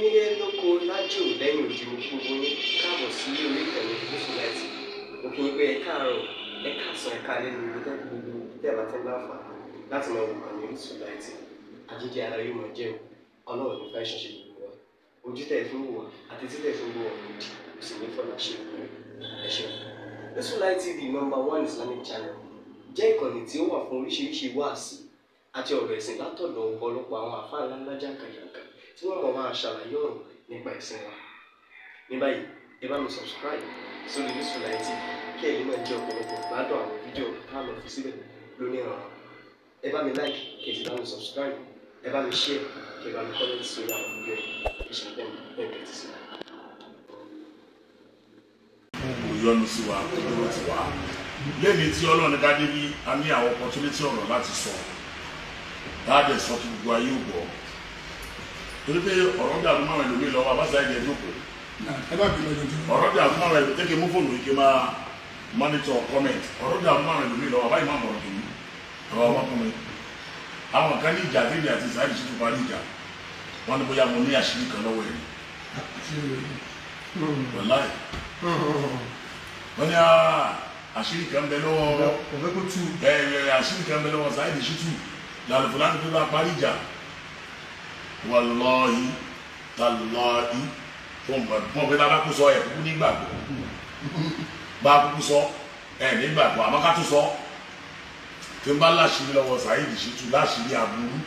nílé lóko lájò lẹ́yìn òdi gbogbo yín káàbọ̀ sí orí ìtẹ̀wé gúúsù láti òkè ìgbé ẹ̀ka àrùn ẹ̀ka sàn ẹ̀ka lẹ́nu ìlú tẹ́kù gbogbo tẹ́ẹ̀bá tẹ́ bá fà láti máa wò kàn ní gúúsù láti àjíjẹ ara yóò máa jẹun ọlọ́run nípa ìṣẹ̀ṣẹ̀ gbogbo wa ojú tẹ̀ fún wò àti títẹ̀ fún wò ọ̀rọ̀ òdì kò sì ní fọlá ṣe ẹ ṣeun. gúúsù láti TV number one Islamic channel jẹ́ ìkànnì tí ó wà fún oríṣiríṣi wáàsí àti ọ̀rọ̀ ẹ̀sìn látọ̀dọ̀ ọ̀pọ̀lọpọ̀ àwọn àfáà ńláńlá jàǹkàjàǹkà tí wọ́n mọ̀ máa ṣàlàyé ọ̀rọ̀ nípa ẹ̀sìn wa ní báyìí ẹ bá mi subscribe sórí Yusufullahi TV kí ẹ̀yin náà jẹ́ ọ̀pọ̀lọpọ̀ gbádùn àwọn fídíò tá a lọ fi síbẹ̀ lónìí ọ̀rọ̀ ẹ bá mi like kí ẹ sì bá mi subscribe ẹ bá mi share kí ẹ bá mi comment sórí àwọn fídíò yìí ṣe pẹ́ pẹ́ẹ́pẹ́ ti sí. olùyọnu sí wa olùyọnu sí wa lẹ́yìn tí ọlọ́run ká dé a ní àwọn opportunity ọ̀rọ̀ láti sọ dáadẹ̀ sọ kí gbogbo ayé ò torí pé ọ̀rọ̀ dàrú máa rẹ̀ lómi lọ́wọ́ àbáṣá ìjẹ́ jókòó ọ̀rọ̀ dàrú máa rẹ̀ lómi tẹ́kẹ̀ mú fóònù yìí kí máa monitor comment ọ̀rọ̀ dàrú máa rẹ̀ lómi lọ́wọ́ àbáyé máa mọ̀rọ̀ tòun ọ̀rọ̀ ọmọkùnrin àwọn kan ní ìjà tẹ́lẹ̀ àti sáà ìṣètò bá ní ìjà wọn ni bóyá mo ní àṣírí kan lọ́wọ́ ẹ̀ wọláì wọn ni àṣírí kan bẹ lọ́wọ́ àṣírí kan bẹ lọ́wọ́ sáà ìṣètò làlùfọ̀lá wàlọ́ọ̀yì tàlọ́ọ̀yì tó mọ̀ mọ̀ pé bàbá kú sọ ẹ̀ kúkú nígbàgbọ́ bàbá kúkú sọ ẹ̀ nígbàgbọ́ àmọ́ ká tún sọ tí n bá láṣìírí lọ́wọ́ Saheed Shittu láṣìírí aburú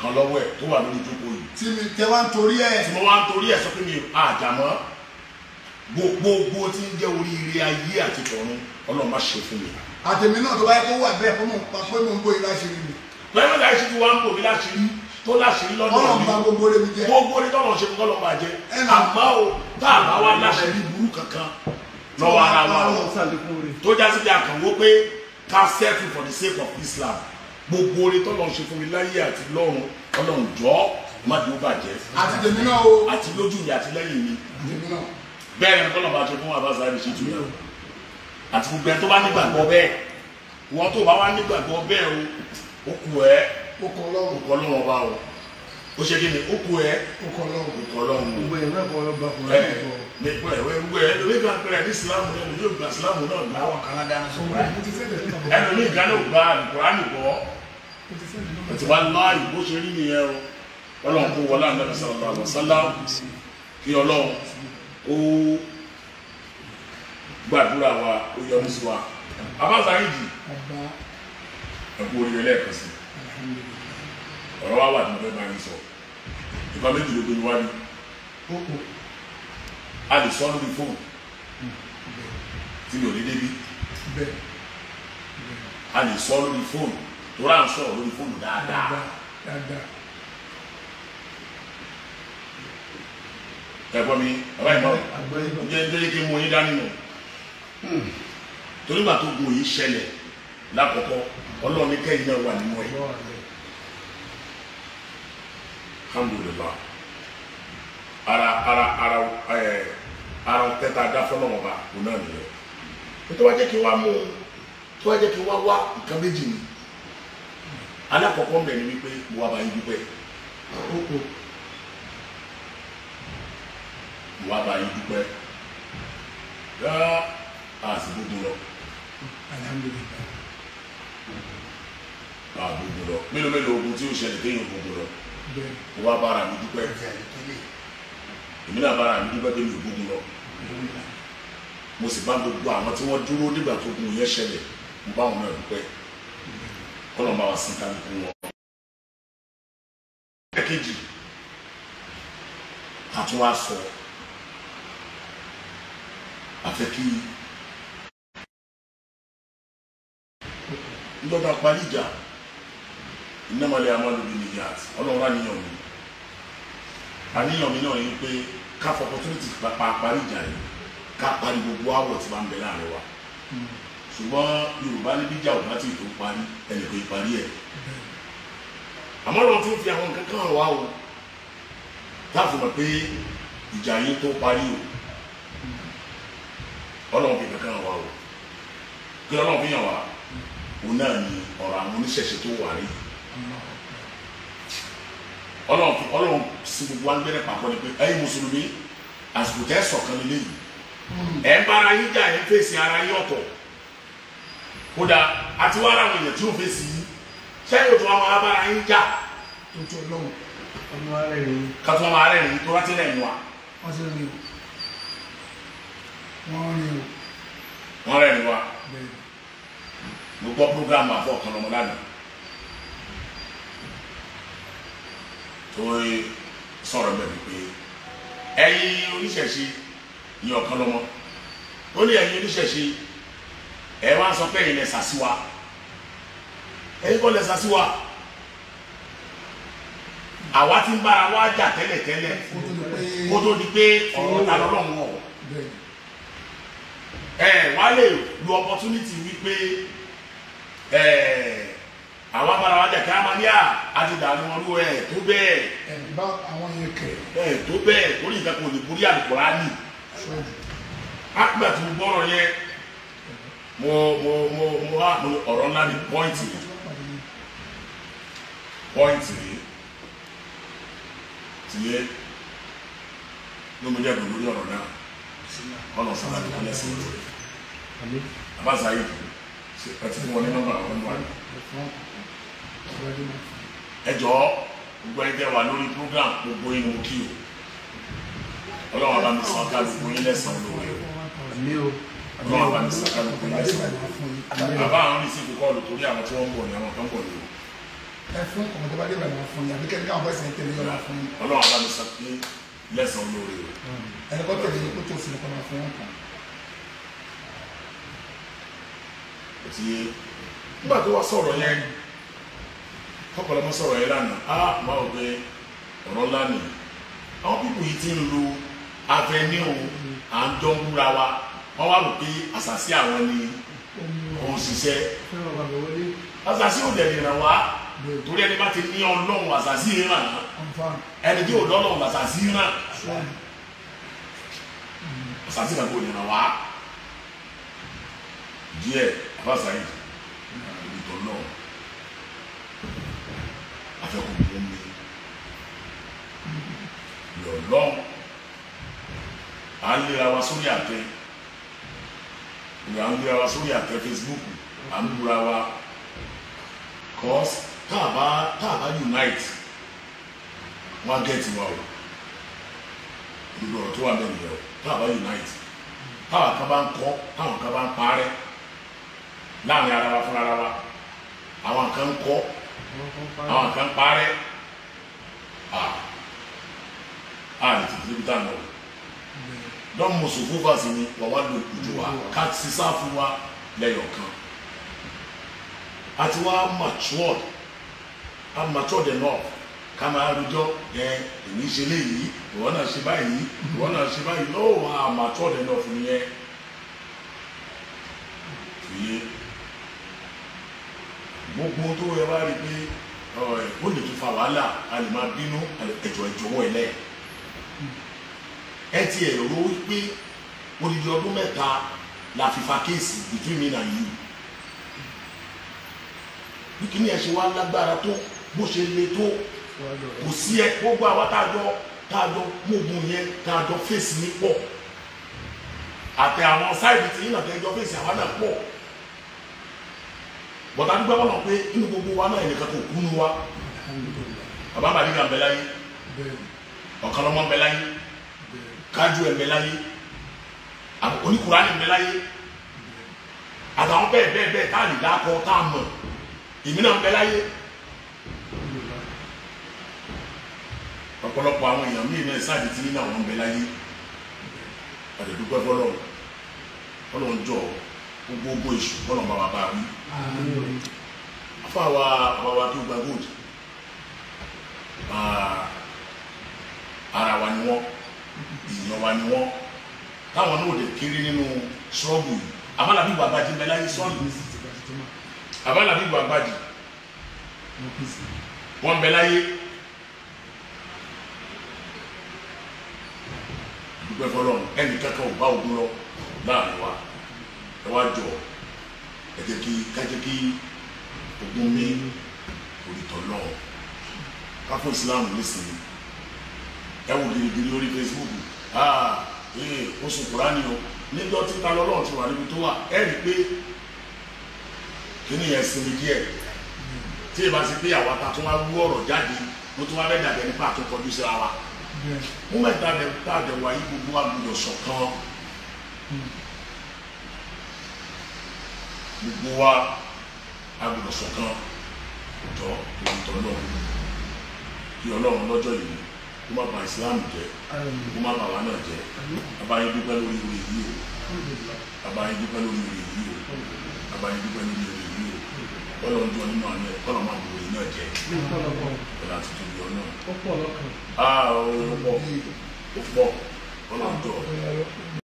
kan lọ́wọ́ ẹ̀ tó wà lórí ìjókòó yìí. tí mi tẹ wá ń torí ẹ. tí mo wá ń torí ẹ sọ pé mi àjàmọ́ gbogbogbò tí ń jẹ́ oríire ayé àti tọ̀run Ọlọ́run má ṣe fún mi tó láṣìírí lọ́dọ̀ mi gbogbo orí tọ́lọ̀ ṣe kọ́ lọ́ba jẹ àmọ́ o tá a bá wá láṣìírí burú kankan lọ́wọ́ ara wa tó jásí bí àkànwó pé ká sẹ́ẹ̀fì for the sake of Islam gbogbo orí tọ́lọ̀ ṣe fún mi láyé àti lọ́run ọlọ́run jọ́ má dùn ó bàjẹ́ àti tèmi náà o àti lójú mi àti lẹ́yìn mi bẹ́ẹ̀ ni tọ́lọ̀ bá ṣe fún abasa ẹni ṣe tún yẹ àti gbogbo ẹni tó bá nígbàgbọ́ bẹ́ẹ̀ wọ́n tó bá wá nígbàgbọ́ bẹ́ẹ̀ o ó kù ẹ́ ó kọ Ọlọ́run kọ Ọlọ́run ọba o ó ṣe kí ni ó kú ẹ ó kọ Ọlọ́run kọ Ọlọ́run o. gbogbo ẹ̀ náà kọ Ọlọ́run bá kúrò láti bọ̀. ẹ gbogbo ẹ lórí ìgbà pẹ̀lẹ́ ní ìsìlámù náà yóò gba ìsìlámù náà gbà. àwọn kan dáná sọ wá ẹnu ní ìgbà náà gba àlùkùránì bọ̀. ètò wa láàyè bó ṣe rí nìyẹn o Ọlọ́run kó wọlé àná sallallahu alaihi wasallam kí Ọlọ́run ó gbàdúrà wa ó yọ ní sí wa abáṣáyé jì ẹ̀kú oríire lẹ́ẹ̀kan sí i ọ̀rọ̀ wa wà tí mo fẹ́ bá yín sọ ìgbà méjì ló gbé mi a lè sọ lórí fóònù hmm, tí mi ò ní débi a lè sọ lórí fóònù tó rà ń sọ̀rọ̀ lórí fóònù dáadáa ẹ̀gbọ́n mi bàbá ìmọ̀ jẹ́ nítorí kí n mú yín dání nù hmm. torí gbà gun yìí ṣẹlẹ̀ lákọ̀ọ́kọ́ ọlọ́run ní kẹ́yìn náà wà nínú ẹ̀ alhamdulillah ara ara ara ẹ ara tẹ́ta dáfọ́nàmọ́ba kò náà nìyẹn tó wá jẹ́ kí wá mú un tó wá jẹ́ kí wá wá nǹkan méjì ni alákọ̀ọ́kọ́ ń bẹ̀ ni wípé mo bá yín dúpẹ́ mo bá yín dúpẹ́ rárá àsìkò gbọ́ lọ. alhamdulillah. àbùkù ah, lọ mélòó mélòó ogun tí o ṣẹlẹ̀ téèyàn gbogbo lọ mo bá bára mi dúpẹ́ èmi náà bára mi dúpẹ́ tẹ́lẹ̀ ògbógun lọ mo sì bá gbogbo àwọn tí wọ́n dúró nígbà tó gun yẹn mo bá wọn náà kálukú wọn. a tún ńlọ́ba parí ìjà ìnámalẹ̀ amálòbí nìyà ọlọ́run àníyàn mi àníyàn mi náà ni pé ká fọpọtúrìtì pa parí ìjà yìí ká parí gbogbo àwọ̀ tí bá ń bẹ láàrin wa ṣùgbọ́n yorùbá níbi ìjà ò bá ti tó parí ẹnìkan ìparí ẹ̀ àmọ́ lọ́n tún fi àwọn kankan wá o táàfin mọ̀ pé ìjà yìí tó parí o ọlọ́run fi kankan wá o kí ọlọ́run fi yàn wá òun náà ni ọ̀rọ̀ àwọn oníṣẹ̀ṣe tó wà rí ọlọ́run ọlọ́run sí gbogbo agbẹ́rẹ́ pàpọ̀ ni pé ẹ̀yin mùsùlùmí àsìkò tẹ́ sọ̀kan nílé yìí ẹ̀ ń bára yín jà ẹ̀ ń fèsì ara yín ọ̀tọ̀ kódà àti wàrà àwọn èèyàn tí ò fèsì yín sẹ́yìn òtún àwọn abára yín jà tuntun lọ́wọ́ ọmọ rẹ̀ rẹ̀ kàtó ọmọ rẹ̀ rẹ̀ tó rántí lẹ́yìn wa. wọ́n ti rìn o wọ́n rìn o. wọ́n rẹ̀ rìn wa. bẹ́ẹ̀ mo gbọ́ programu àfọ kan lọ́mọ lánàá tó sọ̀rọ̀ bẹ̀rẹ̀ pé ẹ̀yin oníṣẹ̀ṣe yìí ọ̀kan lọ́mọ ó ní ẹ̀yin oníṣẹ̀ṣe ẹ̀ wá sọ pé ẹ̀yin lẹ̀ sàṣìwà ẹ̀yin kọ́ lẹ̀ sàṣìwà àwa ti ń bára wa jà tẹ́lẹ̀tẹ́lẹ̀ kó tó di pé ọ̀rọ̀ ta lọ́lọ́run ọ̀ ẹ̀ wá lè lu opportunity wípé. Eh, àwọn abarawájà kí a máa ní a á ti dààmú ẹ eh, tó bẹ́ẹ̀. ẹ eh, bá àwọn yẹn kẹ. ẹ tó bẹ́ẹ̀ torí nǹkan kò lè borí tó yẹn mo mo mo mo á mo ọ̀rọ̀ ńlá ní pọ́ìntì pọ́ìntì tiye ló jẹ́ gbogbo ní ọ̀rọ̀ náà ẹtí fún wọn ní nọ́mbà wọn wá. ẹ jọ̀ọ́ gbogbo ẹni tẹ́ wà lórí program gbogbo yín kí o ọlọ́wọ́n bá mi sàn ká gbogbo yín lẹ́sàn-án lórí o ọlọ́wọ́n bá mi sàn ká yín lẹ́sàn-án lórí o bàbá àwọn ní síbi kọ́ọ̀lù torí àwọn tí wọ́n ń bọ̀ ní àwọn tó ń bọ̀ ní o. ẹ fún ọmọdé bá dé fún yín àbí kẹ́kẹ́ àwọn bọ́sẹ̀ ń tẹ̀lé yọ̀ fún yín. ọlọ́wọ́n bá mi sàn ká lẹ́sàn-án lórí o. ẹnì kò sí yé nígbà tó wá sọ̀rọ̀ yẹn kọ́pọ̀lọpọ̀ sọ̀rọ̀ yẹn lánàá á má ò gbé ọ̀rọ̀ lánàá àwọn pípò yìí ti ń lo avenue à ń jọ ń búra wa wọ́n wá rò pé àṣàṣì àwọn ni òun ṣiṣẹ́ àṣàṣì ò dẹ̀ lè ràn wá torí ẹni bá ti ní ọlọ́run àṣàṣì ràn ẹni tí ò lọ́lọ́run àṣàṣì ràn àṣàṣì ràn kò lè ràn wá díẹ̀ báṣáyì ìtọ̀ náà afẹ́kọ̀ọ́ mi lọ́lọ́ à ń lera wa sórí àtẹ à ń lera wa Facebook à ń lura cause tá a bá tá unite wọ́n á gẹ̀ẹ́tì wa o ìgbọ̀rọ̀ tó wà lẹ́nu yẹn o tá bá unite táwọn kan bá ń kọ́ táwọn kan bá ń parẹ́ láàrin ara wa fúnra wa àwọn kan ń àwọn kan ń a lè ti débi tá a nọ dọ́n mùsùlùmí fásitì ni wà wá lò ìjọ wa ká sísá fún wa lẹ́yọ̀kan àti wá matured a matured enough ká máa rújọ ẹ èmi ṣe léyìí ìwọ náà ṣe báyìí ìwọ náà ṣe báyìí lọ́wọ́ a matured enough nìyẹn. gbogbo tó yẹ wá rí pé ó lè tún fa wàhálà a lè máa bínú ẹjọ ìjọwọ ẹ lẹ́yìn ẹ ti ẹ rò wípé odidi ọdún mẹ́ta la fi fa kéèsì between me and you bí kíní ẹ ṣe wá lágbára tó bó ṣe le tó kò sí ẹ gbogbo àwa tá a jọ tá a jọ mọ̀gùn yẹn tá a jọ fèsì ní pọ̀ àtẹ àwọn sáìdì tí yìí nàtẹ́jọ fèsì àwa náà pọ̀ bọ̀dá dúpẹ́ wọn náà pé inú gbogbo wa náà ẹnìkan kò kú nu wa bàbá màdìgà ń bẹ láyé ọ̀kan lọ́mọ ń bẹ láyé kájú ẹ̀ ń bẹ láyé oníkùrá ń bẹ láyé àtàwọn bẹ́ẹ̀ bẹ́ẹ̀ bẹ́ẹ̀ tá a lè dákọ tá a mọ̀ èmi náà ń bẹ láyé ọ̀pọ̀lọpọ̀ àwọn èèyàn míì náà sáàdì tí nínú àwọn ń bẹ láyé fọlọ́ fọlọ́ ń jọ ọ́ gbogbo èṣù bọ́lọ̀ bàbá bá wí. afáwa bàbá wa tó gba gold ah, ara wa ni wọ́n èèyàn wa ni wọ́n táwọn náà dẹ̀ kéré nínú ṣọ́ọ̀bù yìí abálábí gbàgbàdì ń bẹ láyé sọ́ọ̀bù abálábí gbàgbàdì wọ́n ń bẹ láyé. dúpẹ́ fọlọ́run ẹnì kankan ò bá ògùn lọ láàrin wa ẹ wá jọ ẹ jẹ́ kí ká jẹ́ kí ogun mi kò lè tọ̀ lọ́ọ̀ ká fún Islam nísìnyí ẹ wò gidigidi lórí Facebook oṣù ah, eh, kúránì o níjọ tí ta lọ́lọ́run ti wà níbi tó wà ẹ rí i pé kí ni yẹn sinmi díẹ̀ tí ìbá ti pé àwa ta tún wá wú ọ̀rọ̀ jáde ló tún wá bẹ́ẹ̀ dàbẹ̀ nípa àtúnkọjú síra wa mú mẹ́ta dẹ̀ tá a dẹ̀ wá yí gbogbo àlùyọ̀sọ̀ kan gbogbo wa agbọ́dọ̀ ṣọ̀kan ọ̀tọ̀ ìrìntọ́ náà kí ọlọ́run lọ́jọ́ yìí kó má bà ìsìláàmù jẹ́ kó má bà wá náà jẹ́ abayé dúpẹ́ lórí orí yìí o abayé dúpẹ́ lórí orí yìí o abayé dúpẹ́ lórí orí yìí o ọlọ́run jọ nínú àná ẹ̀ kọ́lọ́ má bu orí náà jẹ́ ọ̀là tuntun yìí ọ̀nà. ó pọ̀ lọ́kàn. a ah, ò ó pọ̀ ọlọ́run jọ.